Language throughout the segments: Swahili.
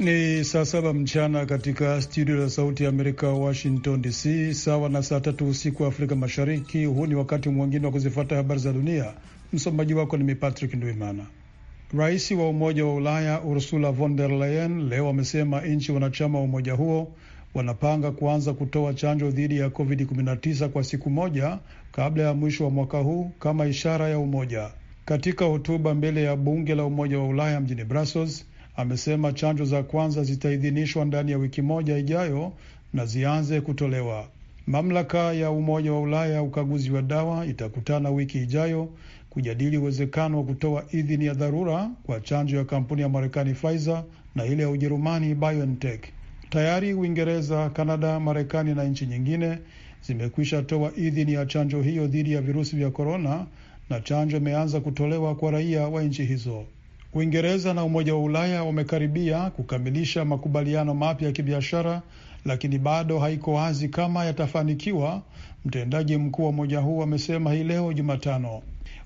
Ni saa saba mchana katika studio ya Sauti ya Amerika, Washington DC, sawa na saa tatu usiku wa Afrika Mashariki. Huu ni wakati mwingine wa kuzifuata habari za dunia. Msomaji wako ni mimi Patrick Ndwimana. Rais wa Umoja wa Ulaya Ursula von der Leyen leo amesema nchi wanachama wa umoja huo wanapanga kuanza kutoa chanjo dhidi ya COVID-19 kwa siku moja kabla ya mwisho wa mwaka huu kama ishara ya umoja. Katika hotuba mbele ya bunge la Umoja wa Ulaya mjini Brussels, amesema chanjo za kwanza zitaidhinishwa ndani ya wiki moja ijayo na zianze kutolewa. Mamlaka ya Umoja wa Ulaya ya ukaguzi wa dawa itakutana wiki ijayo kujadili uwezekano wa kutoa idhini ya dharura kwa chanjo ya kampuni ya Marekani Pfizer na ile ya Ujerumani BioNTech. Tayari Uingereza, Kanada, Marekani na nchi nyingine zimekwisha toa idhini ya chanjo hiyo dhidi ya virusi vya korona, na chanjo imeanza kutolewa kwa raia wa nchi hizo. Uingereza na Umoja wa Ulaya wamekaribia kukamilisha makubaliano mapya ya kibiashara, lakini bado haiko wazi kama yatafanikiwa, mtendaji mkuu wa umoja huu amesema hii leo Jumatano.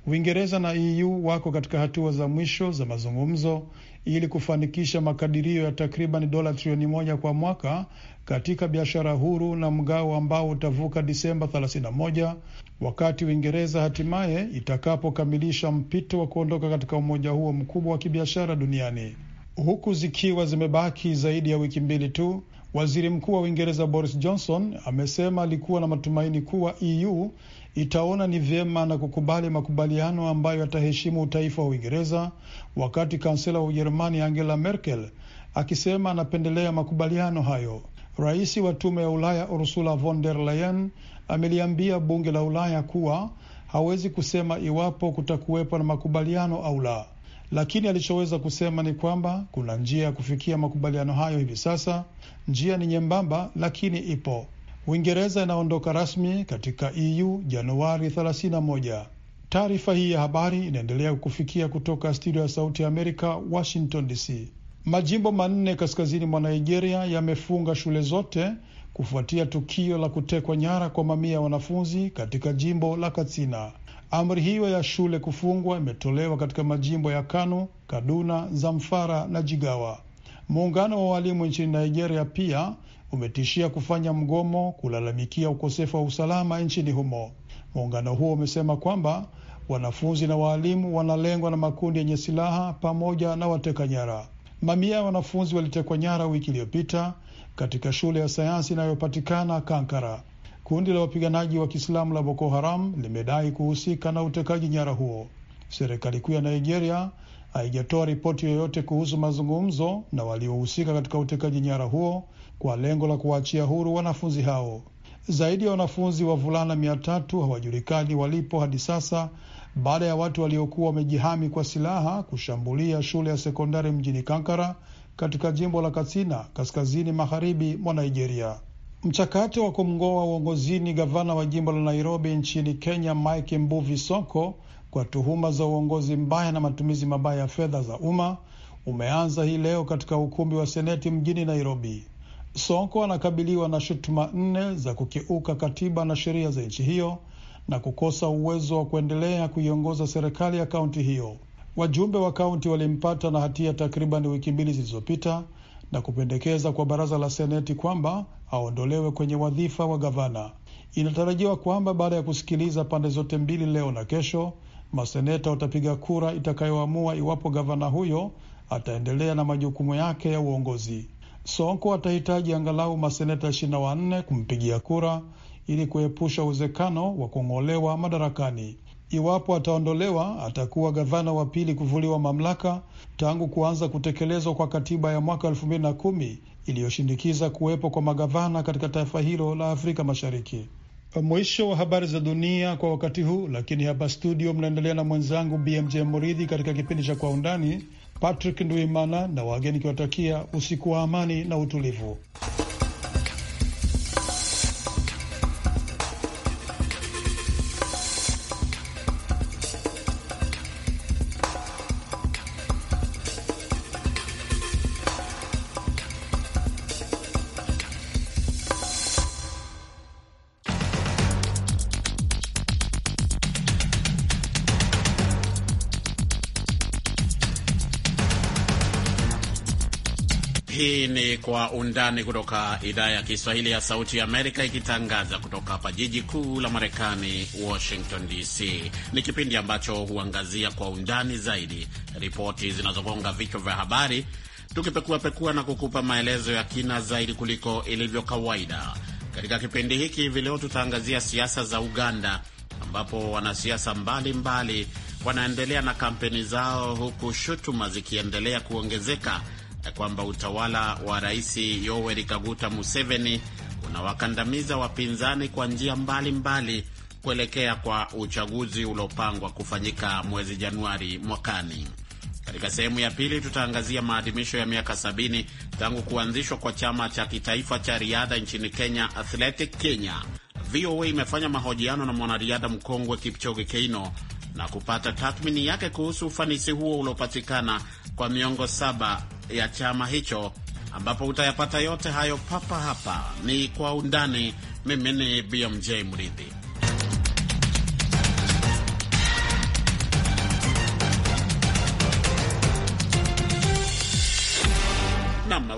Uingereza na EU wako katika hatua za mwisho za mazungumzo ili kufanikisha makadirio ya takriban dola trilioni moja kwa mwaka katika biashara huru na mgao ambao utavuka Disemba 31 wakati Uingereza hatimaye itakapokamilisha mpito wa kuondoka katika umoja huo mkubwa wa kibiashara duniani. Huku zikiwa zimebaki zaidi ya wiki mbili tu, waziri mkuu wa Uingereza Boris Johnson amesema alikuwa na matumaini kuwa EU itaona ni vyema na kukubali makubaliano ambayo yataheshimu utaifa wa Uingereza, wakati kansela wa Ujerumani Angela Merkel akisema anapendelea makubaliano hayo. Rais wa Tume ya Ulaya Ursula von der Leyen ameliambia bunge la Ulaya kuwa hawezi kusema iwapo kutakuwepo na makubaliano au la, lakini alichoweza kusema ni kwamba kuna njia ya kufikia makubaliano hayo hivi sasa. Njia ni nyembamba, lakini ipo. Uingereza inaondoka rasmi katika EU Januari 31. Taarifa hii ya habari inaendelea kufikia kutoka studio ya Sauti ya Amerika, Washington DC. Majimbo manne kaskazini mwa Nigeria yamefunga shule zote kufuatia tukio la kutekwa nyara kwa mamia ya wanafunzi katika jimbo la Katsina. Amri hiyo ya shule kufungwa imetolewa katika majimbo ya Kano, Kaduna, Zamfara na Jigawa. Muungano wa walimu nchini Nigeria pia umetishia kufanya mgomo kulalamikia ukosefu wa usalama nchini humo. Muungano huo umesema kwamba wanafunzi na waalimu wanalengwa na makundi yenye silaha pamoja na wateka nyara. Mamia ya wanafunzi walitekwa nyara wiki iliyopita katika shule ya sayansi inayopatikana Kankara. Kundi la wapiganaji wa Kiislamu la Boko Haram limedai kuhusika na utekaji nyara huo. Serikali kuu ya Nigeria haijatoa ripoti yoyote kuhusu mazungumzo na waliohusika katika utekaji nyara huo kwa lengo la kuwaachia huru wanafunzi hao. Zaidi ya wanafunzi vulana mia tatu hawajulikani walipo hadi sasa baada ya watu waliokuwa wamejihami kwa silaha kushambulia shule ya sekondari mjini Kankara katika jimbo la Katsina kaskazini magharibi mwa Nigeria. Mchakato wa kumng'oa uongozini gavana wa jimbo la Nairobi nchini Kenya Mike Mbuvi Sonko kwa tuhuma za uongozi mbaya na matumizi mabaya ya fedha za umma umeanza hii leo katika ukumbi wa seneti mjini Nairobi. Sonko anakabiliwa na shutuma nne za kukiuka katiba na sheria za nchi hiyo na kukosa uwezo wa kuendelea kuiongoza serikali ya kaunti hiyo. Wajumbe wa kaunti walimpata na hatia takriban wiki mbili zilizopita na kupendekeza kwa baraza la seneti kwamba aondolewe kwenye wadhifa wa gavana. Inatarajiwa kwamba baada ya kusikiliza pande zote mbili leo na kesho, maseneta watapiga kura itakayoamua iwapo gavana huyo ataendelea na majukumu yake ya uongozi. Sonko atahitaji angalau maseneta ishirini na wanne kumpigia kura ili kuepusha uwezekano wa kung'olewa madarakani. Iwapo ataondolewa, atakuwa gavana wa pili kuvuliwa mamlaka tangu kuanza kutekelezwa kwa katiba ya mwaka elfu mbili na kumi iliyoshinikiza kuwepo kwa magavana katika taifa hilo la Afrika Mashariki. Mwisho wa habari za dunia kwa wakati huu, lakini hapa studio mnaendelea na mwenzangu BMJ Muridhi katika kipindi cha Kwa Undani. Patrick nduimana na wageni kiwatakia usiku wa amani na utulivu. Undani kutoka idhaa ya Kiswahili ya Sauti ya Amerika, ikitangaza kutoka hapa jiji kuu la Marekani, Washington DC. Ni kipindi ambacho huangazia kwa undani zaidi ripoti zinazogonga vichwa vya habari, tukipekuapekua na kukupa maelezo ya kina zaidi kuliko ilivyo kawaida. Katika kipindi hiki hivi leo tutaangazia siasa za Uganda, ambapo wanasiasa mbalimbali wanaendelea na kampeni zao, huku shutuma zikiendelea kuongezeka kwamba utawala wa Rais Yoweri Kaguta Museveni unawakandamiza wapinzani kwa njia mbalimbali kuelekea kwa uchaguzi uliopangwa kufanyika mwezi Januari mwakani. Katika sehemu ya pili tutaangazia maadhimisho ya miaka sabini tangu kuanzishwa kwa chama cha kitaifa cha riadha nchini Kenya, Athletic Kenya. VOA imefanya mahojiano na mwanariadha mkongwe Kipchoge Keino na kupata tathmini yake kuhusu ufanisi huo uliopatikana kwa miongo saba ya chama hicho, ambapo utayapata yote hayo papa hapa. Ni kwa undani. Mimi ni BMJ Mridhi.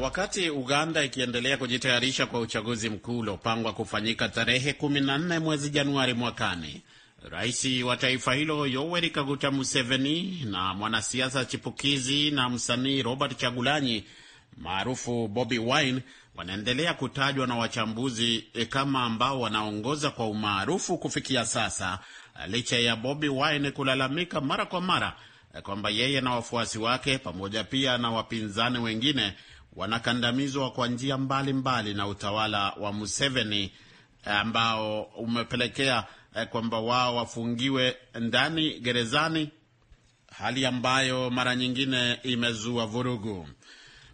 wakati Uganda ikiendelea kujitayarisha kwa uchaguzi mkuu uliopangwa kufanyika tarehe 14 mwezi Januari mwakani, Rais wa taifa hilo Yoweri Kaguta Museveni na mwanasiasa chipukizi na msanii Robert Chagulanyi maarufu Bobi Wine wanaendelea kutajwa na wachambuzi e, kama ambao wanaongoza kwa umaarufu kufikia sasa, licha ya Bobi Wine kulalamika mara kwa mara e, kwamba yeye na wafuasi wake pamoja pia na wapinzani wengine wanakandamizwa kwa njia mbalimbali na utawala wa Museveni ambao umepelekea Eh, kwamba wao wafungiwe ndani gerezani, hali ambayo mara nyingine imezua vurugu.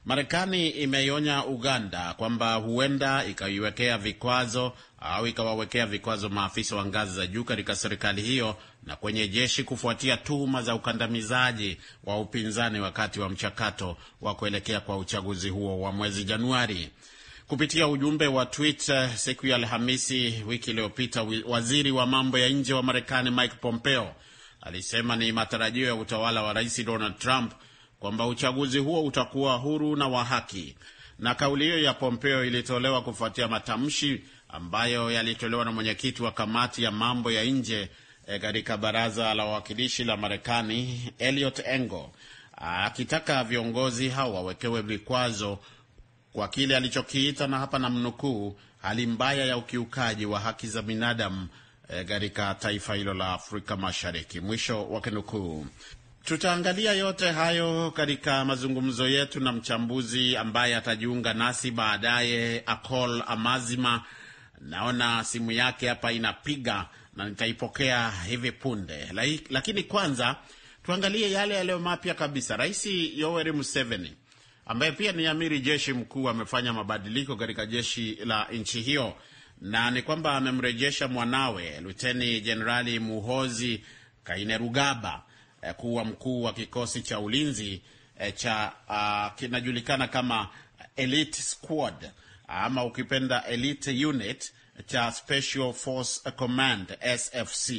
Marekani imeionya Uganda kwamba huenda ikaiwekea vikwazo au ikawawekea vikwazo maafisa wa ngazi za juu katika serikali hiyo na kwenye jeshi kufuatia tuhuma za ukandamizaji wa upinzani wakati wa mchakato wa kuelekea kwa uchaguzi huo wa mwezi Januari. Kupitia ujumbe wa Twitter eh, siku ya Alhamisi wiki iliyopita, waziri wa mambo ya nje wa Marekani Mike Pompeo alisema ni matarajio ya utawala wa Rais Donald Trump kwamba uchaguzi huo utakuwa huru na wa haki. Na kauli hiyo ya Pompeo ilitolewa kufuatia matamshi ambayo yalitolewa na mwenyekiti wa kamati ya mambo ya nje eh, katika baraza la wawakilishi la Marekani Eliot Engo akitaka viongozi hao wawekewe vikwazo kwa kile alichokiita na hapa namnukuu, hali mbaya ya ukiukaji wa haki za binadamu eh, katika e, taifa hilo la Afrika Mashariki, mwisho wa kinukuu. Tutaangalia yote hayo katika mazungumzo yetu na mchambuzi ambaye atajiunga nasi baadaye, Akol Amazima. Naona simu yake hapa inapiga na nitaipokea hivi punde, lakini kwanza tuangalie yale yaliyo mapya kabisa. Rais Yoweri Museveni ambaye pia ni amiri jeshi mkuu, amefanya mabadiliko katika jeshi la nchi hiyo, na ni kwamba amemrejesha mwanawe Luteni Jenerali Muhozi Kainerugaba eh, kuwa mkuu wa kikosi cha ulinzi eh, cha uh, kinajulikana kama Elite Squad ama ukipenda Elite Unit cha Special Force Command SFC.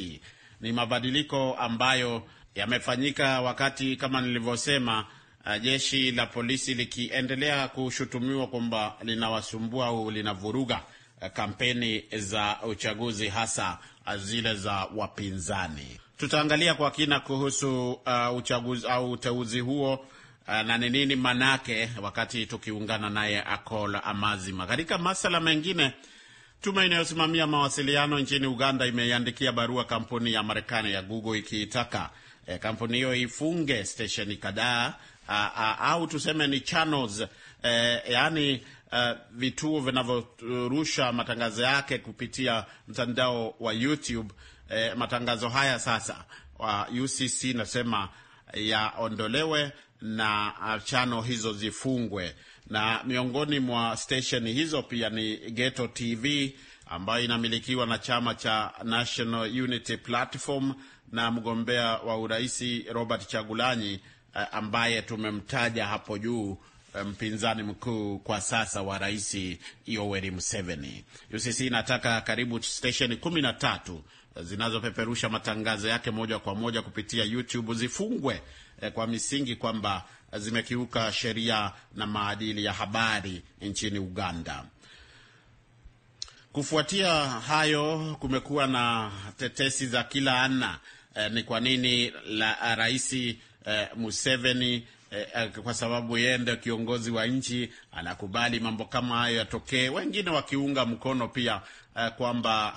Ni mabadiliko ambayo yamefanyika wakati kama nilivyosema Ah, jeshi la polisi likiendelea kushutumiwa kwamba linawasumbua au linavuruga ah, kampeni za uchaguzi hasa ah, zile za wapinzani. Tutaangalia kwa kina kuhusu uh, uchaguzi au uteuzi huo uh, na ni nini manake, wakati tukiungana naye Akola Amazima. Katika masala mengine, tume inayosimamia mawasiliano nchini Uganda imeiandikia barua kampuni ya Marekani ya Google ikiitaka eh, kampuni hiyo ifunge stesheni kadhaa au tuseme ni channels eh, yani Uh, eh, vituo vinavyorusha matangazo yake kupitia mtandao wa YouTube. Eh, matangazo haya sasa wa UCC nasema yaondolewe na chano hizo zifungwe, na miongoni mwa station hizo pia ni Ghetto TV ambayo inamilikiwa na chama cha National Unity Platform na mgombea wa uraisi Robert Chagulanyi eh, ambaye tumemtaja hapo juu, eh, mpinzani mkuu kwa sasa wa rais Yoweri Museveni. UCC inataka karibu stesheni kumi na tatu eh, zinazopeperusha matangazo yake moja kwa moja kupitia YouTube zifungwe kwa misingi kwamba zimekiuka sheria na maadili ya habari nchini Uganda. Kufuatia hayo, kumekuwa na tetesi za kila aina eh, ni kwa nini la eh, raisi eh, Museveni eh, eh, kwa sababu yeye ndio kiongozi wa nchi anakubali mambo kama hayo yatokee, wengine wakiunga mkono pia eh, kwamba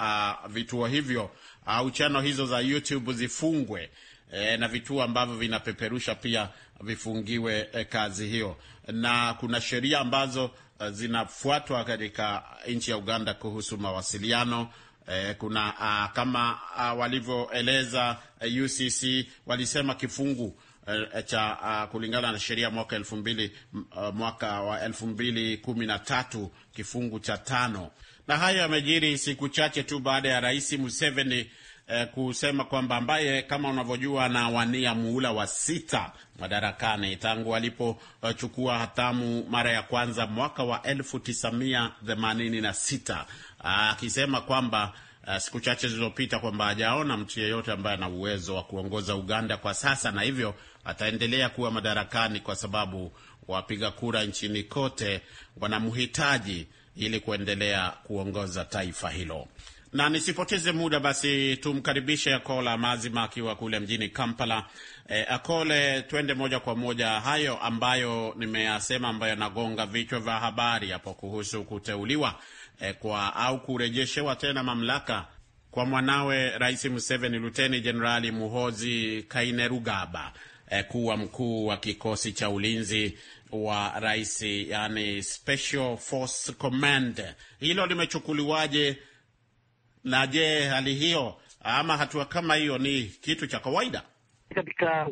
uh, vituo hivyo au uh, chano hizo za YouTube zifungwe eh, na vituo ambavyo vinapeperusha pia vifungiwe eh, kazi hiyo, na kuna sheria ambazo eh, zinafuatwa katika nchi ya Uganda kuhusu mawasiliano eh, kuna ah, kama ah, walivyoeleza eh, UCC walisema kifungu eh, cha ah, kulingana na sheria mwaka elfu mbili ah, mwaka wa elfu mbili kumi na tatu kifungu cha tano. Na hayo yamejiri siku chache tu baada ya Rais Museveni eh, kusema kwamba ambaye kama unavyojua anawania muhula wa sita madarakani tangu alipochukua hatamu mara ya kwanza mwaka wa 1986 akisema kwamba Uh, siku chache zilizopita kwamba hajaona mtu yeyote ambaye ana uwezo wa kuongoza Uganda kwa sasa, na hivyo ataendelea kuwa madarakani kwa sababu wapiga kura nchini kote wanamhitaji ili kuendelea kuongoza taifa hilo na nisipoteze muda basi tumkaribishe Akola Mazima akiwa kule mjini Kampala. E, eh, Akole, twende moja kwa moja hayo ambayo nimeyasema, ambayo yanagonga vichwa vya habari hapo kuhusu kuteuliwa e, kwa au kurejeshewa tena mamlaka kwa mwanawe Rais Museveni, Luteni Jenerali Muhozi Kainerugaba e, kuwa mkuu wa kikosi cha ulinzi wa rais, yani Special Force Command. Hilo limechukuliwaje na je, hali hiyo ama hatua kama hiyo ni kitu cha kawaida katika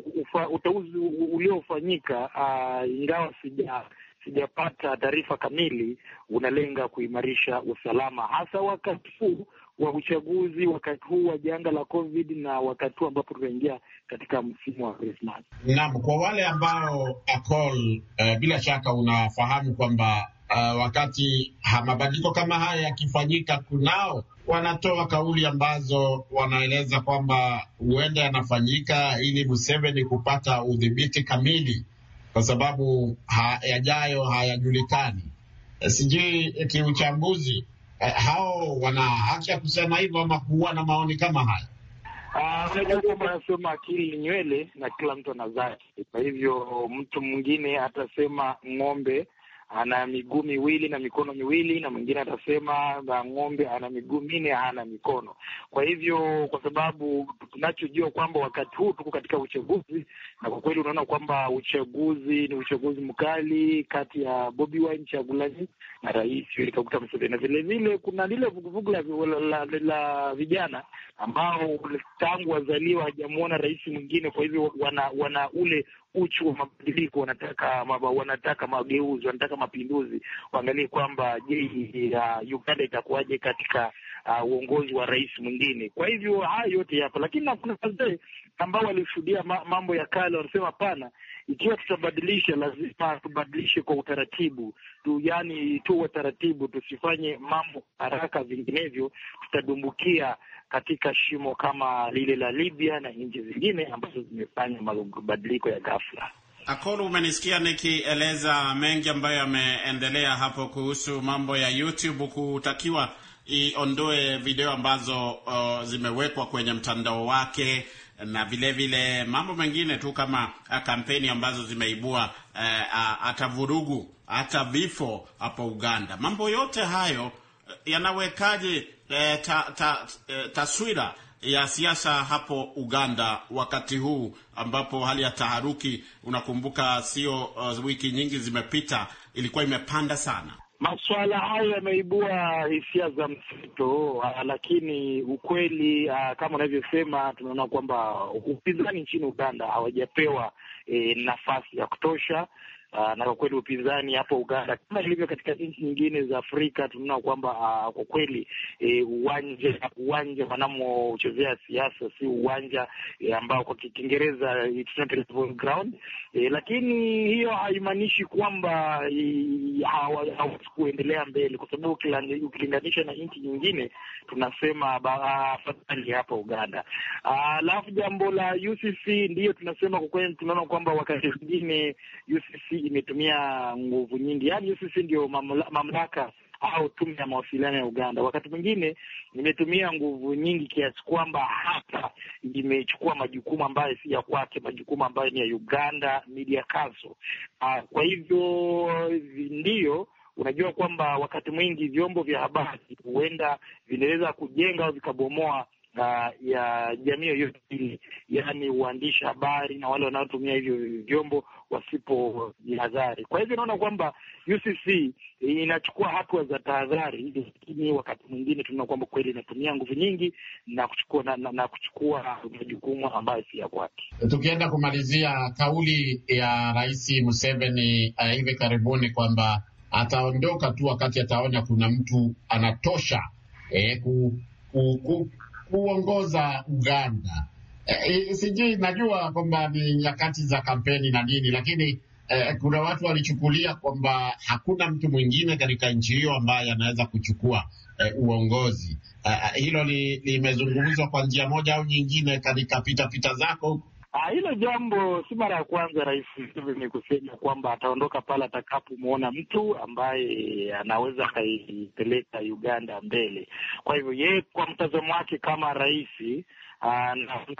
uteuzi uliofanyika? Uh, ingawa sija sijapata taarifa kamili, unalenga kuimarisha usalama hasa wakati huu wa uchaguzi, wakati huu wa janga la COVID na wakati huu ambapo tunaingia katika msimu wa Krismas. Naam, kwa wale ambao Akol, uh, eh, bila shaka unafahamu kwamba uh, wakati mabadiliko kama haya yakifanyika, kunao wanatoa kauli ambazo wanaeleza kwamba huenda yanafanyika ili Museveni kupata udhibiti kamili, kwa sababu ha, yajayo hayajulikani. Eh, sijui eh, kiuchambuzi, eh, hao wana haki ya kusema hivyo ama kuwa na maoni kama haya? Ah, unajua anasema akili nywele na kila mtu ana zake. Kwa hivyo mtu mwingine atasema ng'ombe ana miguu miwili na mikono miwili, na mwingine atasema ng'ombe ana miguu minne hana mikono. Kwa hivyo, kwa sababu tunachojua kwamba wakati huu tuko katika uchaguzi, na kwa kweli unaona kwamba uchaguzi ni uchaguzi mkali kati ya Bobi Wine Kyagulanyi na Rais Yoweri Kaguta Museveni, na vilevile kuna lile vuguvugu la, la, la, la vijana ambao tangu wazaliwa hajamwona rais mwingine, kwa hivyo wana, wana ule uchu wa mabadiliko, wanataka maba, wanataka mageuzi, wanataka mapinduzi. Waangalie kwamba je, uh, Uganda itakuwaje katika uh, uongozi wa rais mwingine. Kwa hivyo haya yote yapo, lakini nakuna kuna wazee ambao walishuhudia ma, mambo ya kale, wanasema hapana, ikiwa tutabadilisha lazima tubadilishe kwa utaratibu tu, yani tuwe taratibu, tusifanye mambo haraka, vinginevyo tutadumbukia katika shimo kama lile la Libya na nchi zingine ambazo zimefanya mabadiliko ya ghafla. Akuru, umenisikia nikieleza mengi ambayo yameendelea hapo kuhusu mambo ya YouTube kutakiwa iondoe video ambazo uh, zimewekwa kwenye mtandao wake na vile vile mambo mengine tu kama uh, kampeni ambazo zimeibua uh, uh, hata eh, vurugu hata vifo hapo Uganda. Mambo yote hayo yanawekaje e, ta, ta, e, taswira ya siasa hapo Uganda wakati huu ambapo hali ya taharuki, unakumbuka, sio uh, wiki nyingi zimepita, ilikuwa imepanda sana. Masuala hayo yameibua hisia za mseto, ah, lakini ukweli a, ah, kama unavyosema, tunaona kwamba upinzani nchini Uganda hawajapewa e, nafasi ya kutosha Ah, na kwa kweli upinzani hapo Uganda kama ilivyo katika nchi nyingine za Afrika tunaona kwamba uh, kwa kweli e, uwanja uwanja wanamochezea siasa si uwanja e, ambao kwa Kiingereza it's not ground e, lakini hiyo haimaanishi kwamba e, hawawezi kuendelea mbele, kwa sababu ukilinganisha na nchi nyingine tunasema ah, afadhali hapa Uganda. Alafu jambo la UCC ndiyo tunasema kwa kweli tunaona kwamba wakati mwingine UCC imetumia nguvu nyingi, yaani sisi ndio mamla, mamlaka au tume ya mawasiliano ya Uganda. Wakati mwingine imetumia nguvu nyingi kiasi kwamba hata imechukua majukumu ambayo si ya kwake, majukumu ambayo ni ya Uganda Media Council. Ah, kwa hivyo ndiyo unajua kwamba wakati mwingi vyombo vya habari huenda vinaweza kujenga au vikabomoa ah, ya jamii yoyote ile, yaani uandishi habari na wale wanaotumia hivyo vyombo wasipojihadhari. Kwa hivyo naona kwamba UCC inachukua hatua za tahadhari, lakini wakati mwingine tunaona kwamba kweli inatumia nguvu nyingi na kuchukua na, na, na kuchukua majukumu ambayo si ya kwake. Tukienda kumalizia kauli ya Rais Museveni uh, hivi karibuni kwamba ataondoka tu wakati ataona kuna mtu anatosha eh, ku, ku, ku, kuongoza Uganda Eh, eh, sijui najua kwamba ni nyakati za kampeni na nini, lakini eh, kuna watu walichukulia kwamba hakuna mtu mwingine katika nchi hiyo ambaye anaweza kuchukua eh, uongozi. Eh, eh hilo limezungumzwa li kwa njia moja au nyingine katika pitapita zako. Ah, hilo jambo si mara ya kwanza Rais Museveni kusema kwamba ataondoka pale atakapomwona mtu ambaye anaweza akaipeleka Uganda mbele. Kwa hivyo yeye, kwa mtazamo wake kama rais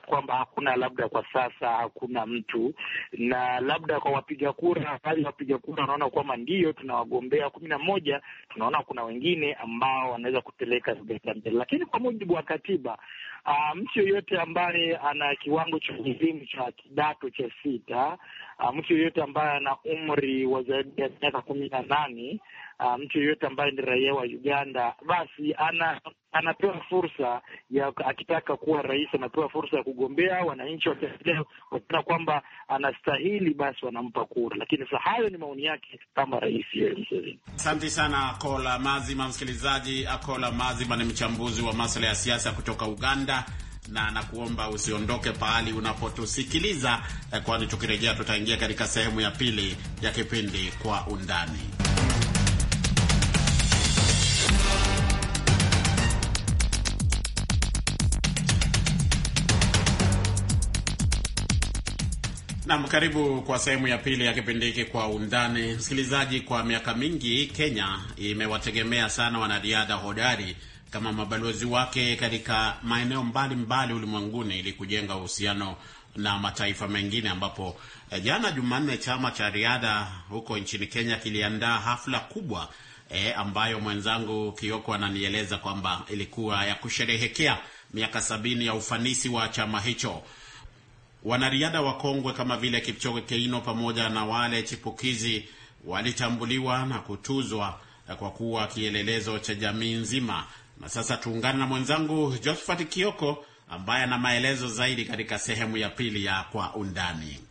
kwamba hakuna labda kwa sasa hakuna mtu, na labda kwa wapiga kura, hali ya wapiga kura wanaona kwamba ndiyo tuna wagombea kumi na moja, tunaona kuna wengine ambao wanaweza kupeleka Uganda mbele, lakini kwa mujibu wa katiba ah, mtu yoyote ambaye ana kiwango cha elimu cha kidato cha sita, ah, mtu yoyote ambaye ana umri wa zaidi ya miaka kumi na nane, ah, mtu yoyote ambaye ni raia wa Uganda basi ana anapewa fursa ya akitaka kuwa rais, anapewa fursa ya kugombea. Wananchi wakiona kwamba anastahili, basi wanampa kura. Lakini sa hayo ni maoni yake kama rais yeye Museveni. Asante sana Akola Mazima. Msikilizaji, Akola Mazima ni mchambuzi wa masuala ya siasa kutoka Uganda na nakuomba usiondoke pahali unapotusikiliza, eh, kwani tukirejea tutaingia katika sehemu ya pili ya kipindi Kwa Undani. Nam, karibu kwa sehemu ya pili ya kipindi hiki kwa undani. Msikilizaji, kwa miaka mingi Kenya imewategemea sana wanariadha hodari kama mabalozi wake katika maeneo mbalimbali ulimwenguni ili kujenga uhusiano na mataifa mengine, ambapo eh, jana Jumanne chama cha riadha huko nchini Kenya kiliandaa hafla kubwa e, ambayo mwenzangu Kioko ananieleza kwamba ilikuwa ya kusherehekea miaka sabini ya ufanisi wa chama hicho. Wanariadha wakongwe kama vile Kipchoge Keino pamoja na wale chipukizi walitambuliwa na kutuzwa kwa kuwa kielelezo cha jamii nzima. Na sasa tuungane na mwenzangu Josphat Kioko ambaye ana maelezo zaidi katika sehemu ya pili ya Kwa Undani.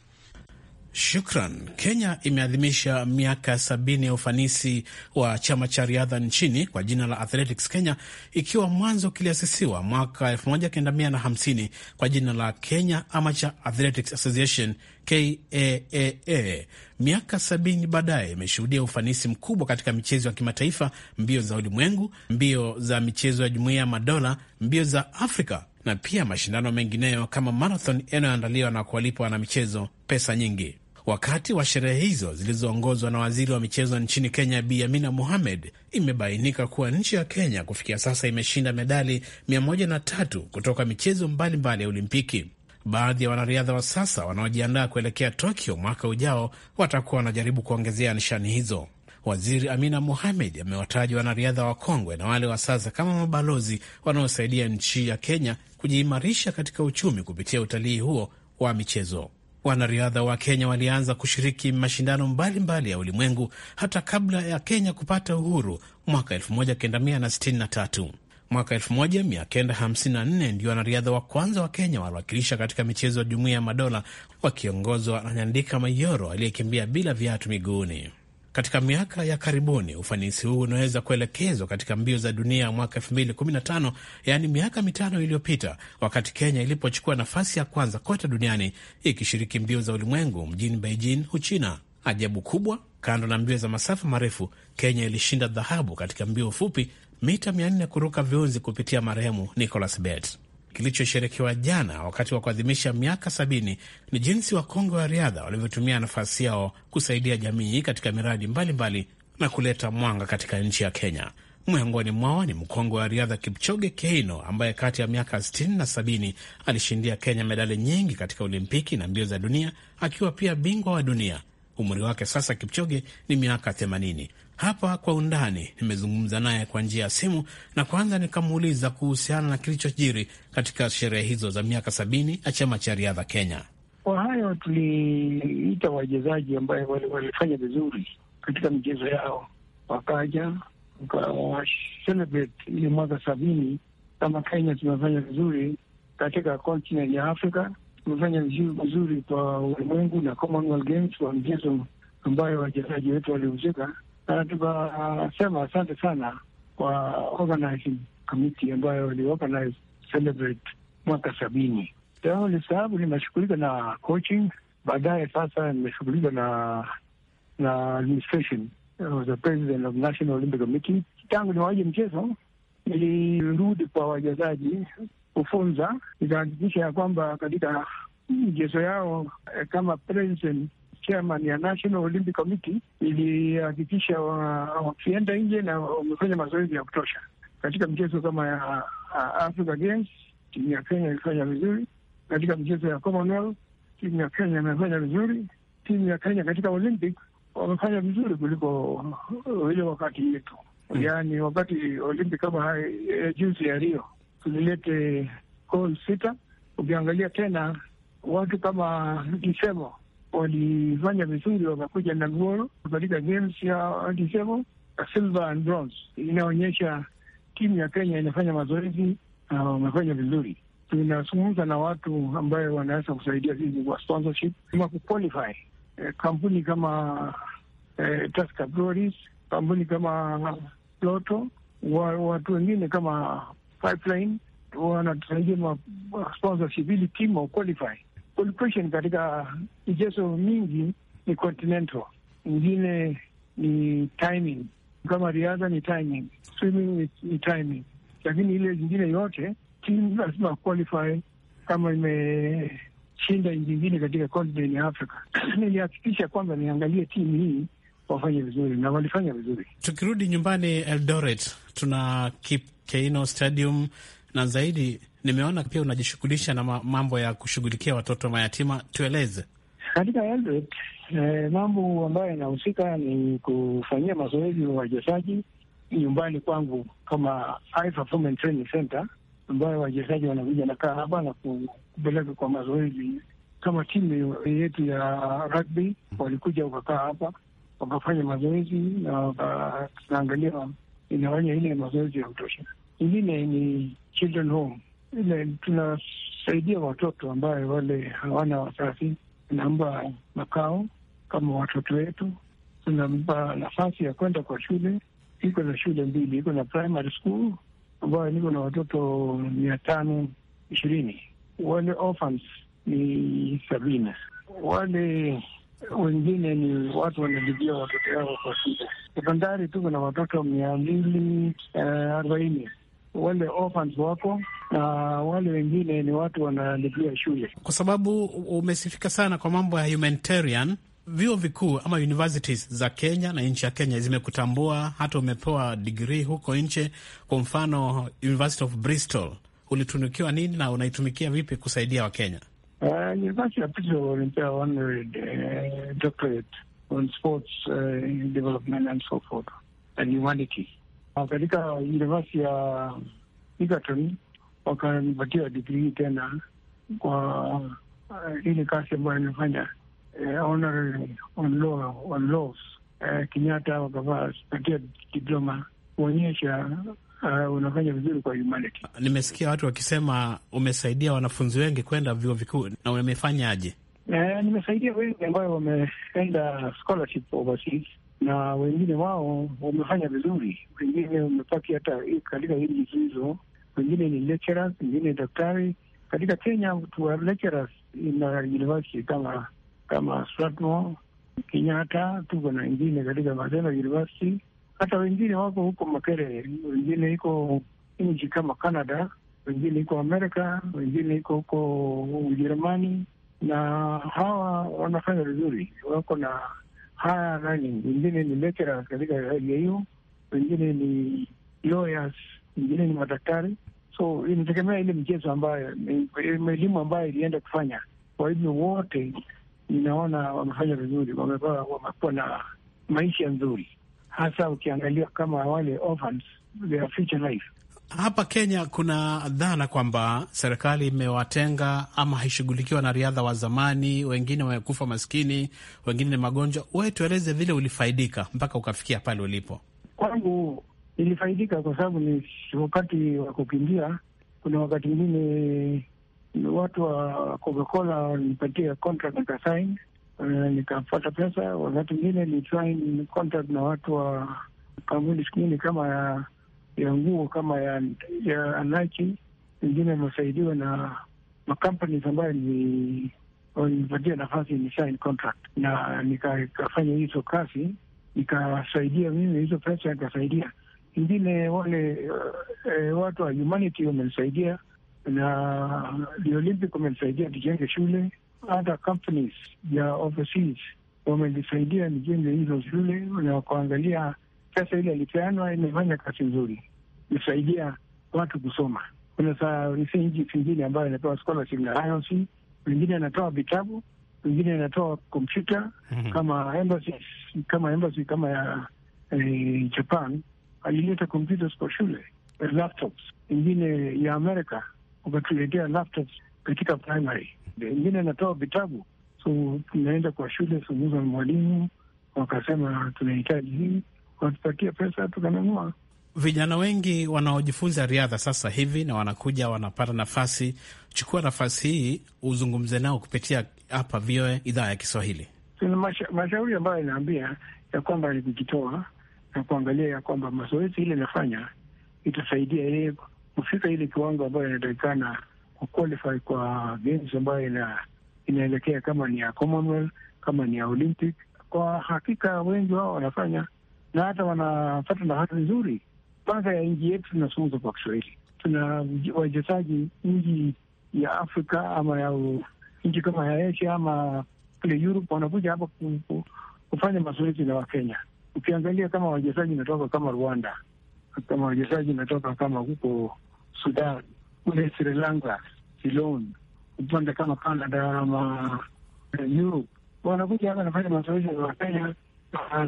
Shukran. Kenya imeadhimisha miaka sabini ya ufanisi wa chama cha riadha nchini kwa jina la Athletics Kenya, ikiwa mwanzo kiliasisiwa mwaka 1950 kwa jina la Kenya Amateur Athletics Association KAAA. Miaka sabini baadaye imeshuhudia ufanisi mkubwa katika michezo ya kimataifa, mbio za ulimwengu, mbio za michezo ya jumuiya ya madola, mbio za Afrika na pia mashindano mengineyo kama marathon yanayoandaliwa na kuwalipa wanamichezo pesa nyingi. Wakati wa sherehe hizo zilizoongozwa na waziri wa michezo nchini Kenya Bi Amina Mohamed, imebainika kuwa nchi ya Kenya kufikia sasa imeshinda medali 103 kutoka michezo mbalimbali ya Olimpiki. Baadhi ya wanariadha wa sasa wanaojiandaa kuelekea Tokyo mwaka ujao watakuwa wanajaribu kuongezea nishani hizo. Waziri Amina Mohamed amewataja wanariadha wa kongwe na wale wa sasa kama mabalozi wanaosaidia nchi ya Kenya kujiimarisha katika uchumi kupitia utalii huo wa michezo. Wanariadha wa Kenya walianza kushiriki mashindano mbalimbali mbali ya ulimwengu hata kabla ya Kenya kupata uhuru mwaka 1963. Mwaka 1954 ndio wanariadha wa kwanza wa Kenya waliwakilisha katika michezo ya Jumuiya ya Madola wakiongozwa na Nyandika Mayoro aliyekimbia bila viatu miguuni. Katika miaka ya karibuni ufanisi huu unaweza kuelekezwa katika mbio za dunia mwaka 2015 yaani miaka mitano iliyopita, wakati Kenya ilipochukua nafasi ya kwanza kote duniani ikishiriki mbio za ulimwengu mjini Beijing, huchina Ajabu kubwa, kando na mbio za masafa marefu, Kenya ilishinda dhahabu katika mbio fupi mita 400 kuruka viunzi kupitia marehemu Nicholas Bet kilichosherekewa jana wakati wa kuadhimisha miaka sabini ni jinsi wakongwe wa riadha walivyotumia nafasi yao kusaidia jamii katika miradi mbalimbali mbali na kuleta mwanga katika nchi ya Kenya. Miongoni mwao ni mkongwe wa riadha Kipchoge Keino ambaye kati ya miaka 60 na 70 alishindia Kenya medali nyingi katika Olimpiki na mbio za dunia akiwa pia bingwa wa dunia. Umri wake sasa Kipchoge ni miaka 80. Hapa kwa undani nimezungumza naye kwa njia ya simu, na kwanza nikamuuliza kuhusiana na kilichojiri katika sherehe hizo za miaka sabini ya chama cha riadha Kenya. Kwa hayo tuliita wachezaji ambaye walifanya vizuri katika michezo yao, wakaja ili ile mwaka sabini. Kama Kenya tumefanya vizuri katika continent ya Afrika, tumefanya vizuri kwa ulimwengu na Commonwealth Games wa mchezo ambayo wachezaji wetu walihusika Uh, tukasema uh, asante sana kwa organizing committee ambayo ili celebrate mwaka sabini. Ao nilisababu nimeshughulika na coaching, baadaye sasa nimeshughulika na na administration as the president of National Olympic Committee. Tangu niwaje mchezo, nilirudi kwa wachezaji kufunza, nikahakikisha ya kwamba katika mchezo yao eh, kama president chairman ya National Olympic Committee ilihakikisha wakienda wa nje na wamefanya mazoezi ya kutosha katika michezo kama ya Africa Games. Timu ya Kenya ilifanya vizuri katika michezo ya Commonwealth. Timu ya Kenya imefanya vizuri. Timu ya Kenya katika Olympic wamefanya vizuri kuliko uh, ile wakati yetu. Mm. Yaani wakati Olympic kama eh, juzi ya Rio tulilete gol sita. Ukiangalia tena watu kama Kisemo walifanya vizuri, wakakuja na goro katika games ya disabled, silver and bronze. Inaonyesha timu ya Kenya inafanya mazoezi na uh, wamefanya vizuri. Tunazungumza na watu ambayo wanaweza kusaidia sisi kwa sponsorship ama kuqualify eh, kampuni kama eh, Tusker Breweries, kampuni kama Loto, wa, watu wengine kama Pipeline wanatusaidia ma sponsorship ili timu wa qualify pollination katika michezo mingi ni continental, ingine ni timing. Kama riadha ni timing, swimming ni timing, lakini ile zingine yote timu lazima qualify kama imeshinda nchi ingine katika continent ya africa Nilihakikisha kwamba niangalie timu hii wafanye vizuri na walifanya vizuri. Tukirudi nyumbani Eldoret, tuna Kip Keino Stadium na zaidi nimeona pia unajishughulisha na mambo ya kushughulikia watoto mayatima, tueleze katika Eldoret. Eh, mambo ambayo inahusika ni kufanyia mazoezi wachezaji nyumbani kwangu kama High Performance Training Center, ambayo wachezaji wanakuja na kaa hapa na kupeleka kwa mazoezi. Kama timu yetu ya rugby walikuja wakakaa hapa wakafanya mazoezi na wakaangalia inafanya ile mazoezi ya kutosha ingine ni children home, ile tunasaidia watoto ambaye wale hawana wazazi, tunampa makao kama watoto wetu, tunampa nafasi ya kwenda kwa shule. Iko na shule mbili, iko na primary school ambayo niko na watoto mia tano ishirini, wale orphans ni sabini, wale wengine ni watu wanalipia watoto yao kwa shule. Sekondari tuko na watoto mia mbili eh, arobaini wale orphans wako na wale wengine ni watu wanalipia shule, kwa sababu umesifika sana kwa mambo ya humanitarian. Vyuo vikuu ama universities za Kenya na nchi ya Kenya zimekutambua, hata umepewa digrii huko nje. Kwa mfano, University of Bristol ulitunukiwa nini na unaitumikia vipi kusaidia Wakenya? Uh, University of Bristol uh, doctorate on sports uh, development and so forth and humanity katika university ya Egerton wakanipatia digrii tena kwa uh, ile kazi ambayo nimefanya eh, honorary on law on laws uh, Kenyatta wakavapatia diploma kuonyesha uh, unafanya vizuri kwa humanity. Nimesikia watu wakisema umesaidia wanafunzi wengi kwenda vyuo vikuu na aje? Eh, nimesaidia wengi ambayo wameenda scholarship overseas na wengine wao wamefanya vizuri, wengine wamepaki hata katika nchi hizo, wengine ni lecturers, wengine daktari. Katika Kenya tuwa lecturers na university kama kama Strathmore, Kenyatta, tuko na wengine katika Maseno University, hata wengine wako huko Makere, wengine iko nchi kama Canada, wengine iko Amerika, wengine iko huko Ujerumani, na hawa wanafanya vizuri, wako na haya nani, wengine ni lecturers katika area hiyo, wengine ni lawyers, wengine ni madaktari. So inategemea ile mchezo ambayo elimu ambayo ilienda kufanya. Kwa hivyo wote ninaona wamefanya vizuri, wamekuwa na maisha nzuri, hasa ukiangalia kama wale orphans, their future life hapa Kenya kuna dhana kwamba serikali imewatenga ama haishughulikiwa na riadha wa zamani, wengine wamekufa maskini, wengine ni magonjwa. Wewe tueleze vile ulifaidika mpaka ukafikia pale ulipo. Kwangu nilifaidika kwa sababu ni wakati wa kukimbia. Kuna wakati mwingine watu wa Coca-Cola walinipatia contract nikasain, eh, nikapata pesa. Wakati mwingine nilisain contract na watu wa kampuni siku kama ya nguo kama ya, ya Nike. Wengine wamesaidiwa na makampani ambayo ni walinipatia nafasi ni sign contract, na nikafanya hizo kazi nikasaidia mimi hizo pesa nikasaidia ingine wale e, watu wa humanity wamenisaidia na the Olympic wamenisaidia nijenge shule. Hata companies ya overseas wamenisaidia nijenge hizo shule na kuangalia pesa ile ilipeanwa imefanya kazi nzuri, isaidia watu kusoma. Kuna sainji vingine ambayo inapewa scholarship na IOC, wengine anatoa vitabu, wengine anatoa kompyuta mhm. kama embassy, kama embassy kama ya eh, Japan alileta kompyuta kwa shule eh, laptops, ingine ya Amerika wakatuletea laptops katika primary, ingine anatoa vitabu. So tunaenda kwa shule, sumuza mwalimu, wakasema tunahitaji hii wakatupatia pesa tukanunua. Vijana wengi wanaojifunza riadha sasa hivi na wanakuja wanapata nafasi, chukua nafasi hii uzungumze nao kupitia hapa VOA idhaa ya Kiswahili. Tuna masha, mashauri ambayo inaambia ya kwamba ni kujitoa na kuangalia ya kwamba mazoezi ile inafanya itasaidia yeye kufika ile kiwango ambayo inatakikana kuqualify kwa games ambayo ina, inaelekea kama ni ya Commonwealth, kama ni ya Olympic. Kwa hakika wengi wao wanafanya na hata wanapata nafasi nzuri. Kwanza ya nchi yetu tunazungumza kwa Kiswahili, tuna wachezaji nchi ya Afrika ama ya nchi kama ya Asia ama kule Europe wanakuja hapa kufanya mazoezi na Wakenya. Ukiangalia kama wachezaji inatoka kama Rwanda, kama wachezaji inatoka kama huko Sudan, kule Sri Lanka, Ceylon, upande kama Canada ama eh, Europe, wanakuja hapa wanafanya mazoezi na Wakenya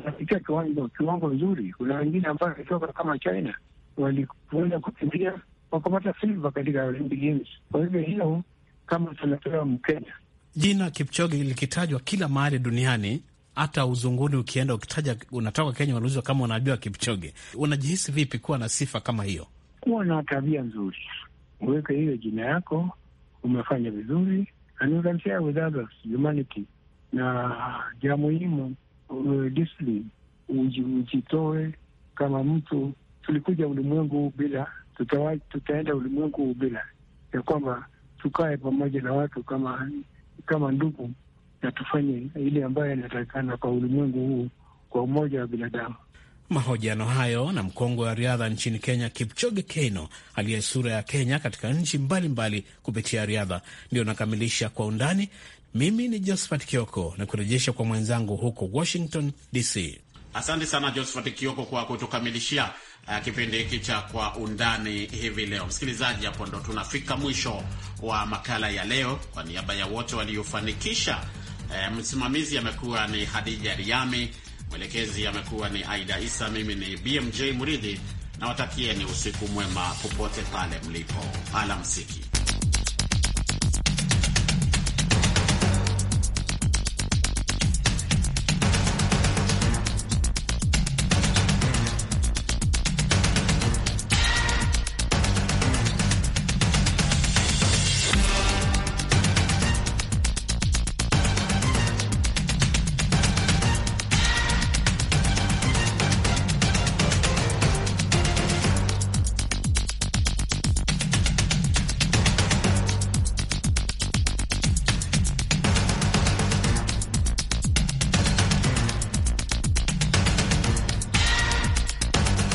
katika kiwango kiwango nzuri. Kuna wengine ambayo wametoka kama China walikuenda kukimbia wakapata silva katika Olympic Games. Kwa hivyo hiyo kama tunatoa Mkenya, jina Kipchoge likitajwa kila mahali duniani, hata uzunguni ukienda, ukitaja unatoka Kenya wanaulizwa kama unajua Kipchoge. Unajihisi vipi kuwa na sifa kama hiyo? Kuwa na tabia nzuri, uweke hiyo jina yako, umefanya vizuri and you can share with others humanity, na ja muhimu uh, discipline ujitoe kama mtu. Tulikuja ulimwengu huu bila tutawa, tutaenda ulimwengu huu bila ya kwamba tukae pamoja na watu kama kama ndugu na tufanye ile ambayo inatakikana kwa ulimwengu huu kwa umoja wa binadamu. Mahojiano hayo na mkongwe wa riadha nchini Kenya, Kipchoge Keino, aliye sura ya Kenya katika nchi mbalimbali kupitia riadha, ndio nakamilisha kwa undani. Mimi ni Josephat Kioko na kurejesha kwa mwenzangu huko Washington DC. Asante sana Josephat Kioko kwa kutukamilishia uh, kipindi hiki cha Kwa Undani hivi leo. Msikilizaji, hapo ndo tunafika mwisho wa makala ya leo. Kwa niaba ya wote waliofanikisha, uh, msimamizi amekuwa ni Hadija Riami, mwelekezi amekuwa ni Aida Isa, mimi ni BMJ Muridhi, nawatakieni usiku mwema popote pale mlipo. Alamsiki.